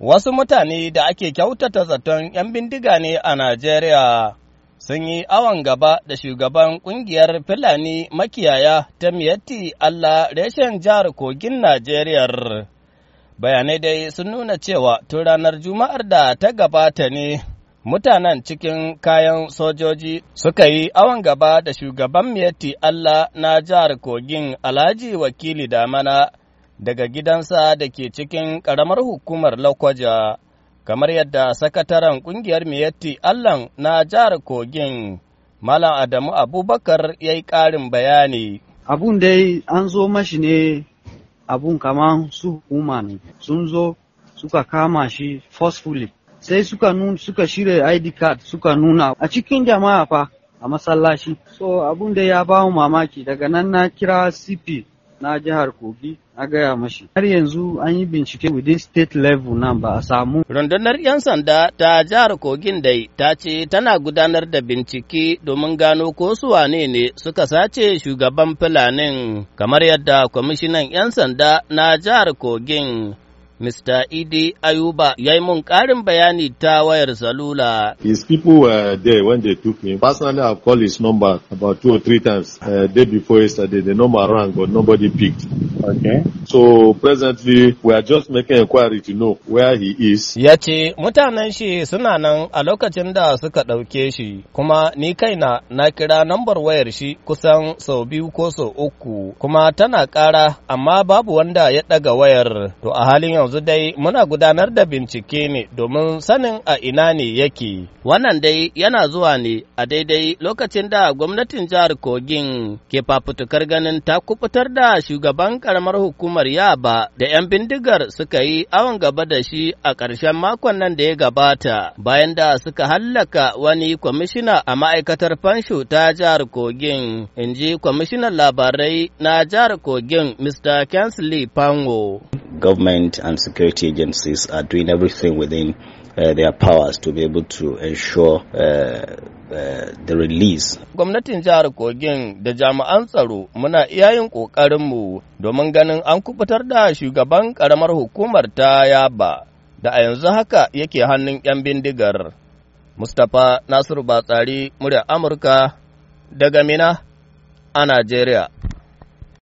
Wasu mutane da ake kyautata zaton ‘yan bindiga ne a Najeriya sun yi awon gaba da shugaban ƙungiyar Fulani makiyaya ta Miyatti Allah reshen jihar Kogin Najeriya. Bayanai dai sun nuna cewa tun ranar Juma'ar da ta gabata ne mutanen cikin kayan sojoji suka yi awon gaba da shugaban Miyatti Allah na jihar Kogin Alhaji Wakili Damana. daga gidansa da ke cikin ƙaramar hukumar Lakwaja, kamar yadda sakataren ƙungiyar Miyatti Allan na jihar Kogin, Malam Adamu Abubakar ya yi ƙarin bayani. Abun dai an zo mashi ne abun kaman su hukuma ne, sun zo suka kama shi forcefully. Sai suka nun, suka shirya ID card suka nuna a cikin jama'a fa a masallaci. So abun da ya bawo mamaki daga nan na kira CP na jihar Kogi na gaya mashi. Har yanzu an yi bincike within state level nan ba a samu. Rundunar 'yan sanda ta jihar Kogin dai ta ce tana gudanar da bincike domin gano ko su wane ne suka sace shugaban Fulanin kamar yadda kwamishinan 'yan sanda na jihar Kogin Mr. Idi Ayuba ya yi mun ƙarin bayani ta wayar salula. His people were there when they took him Personally, I've called his number about two or three times uh, day before yesterday. The number rang, but nobody picked. Okay. So presently we are just making inquiry to know where he is. Ya ce mutanen shi suna nan a lokacin da suka ɗauke shi kuma ni kaina na kira nambar wayar shi kusan sau biyu ko sau uku kuma tana ƙara amma babu wanda ya ɗaga wayar. To a halin yanzu dai muna gudanar da bincike ne domin sanin a ina ne yake. Wannan dai yana zuwa ne a daidai lokacin da gwamnatin jihar Kogin ke fafutukar ganin ta kubutar da shugaban karamar hukumar gundumar Yaba da 'yan bindigar suka yi awon gaba da shi a ƙarshen makon nan da ya gabata bayan da suka hallaka wani kwamishina a ma'aikatar fansho ta jihar Kogin, in ji kwamishinan labarai na jihar Kogin Mr. Kensley Pango. government and security agencies are doing everything within uh, their powers to be able to ensure uh, Uh, the release. Gwamnatin jihar Kogin da jami'an tsaro muna iya yin ƙoƙarinmu domin ganin an kubutar da shugaban ƙaramar hukumar ta Yaba da a yanzu haka yake hannun 'yan bindigar. Mustapha Nasiru Batsari, murya Amurka daga Mina a Najeriya.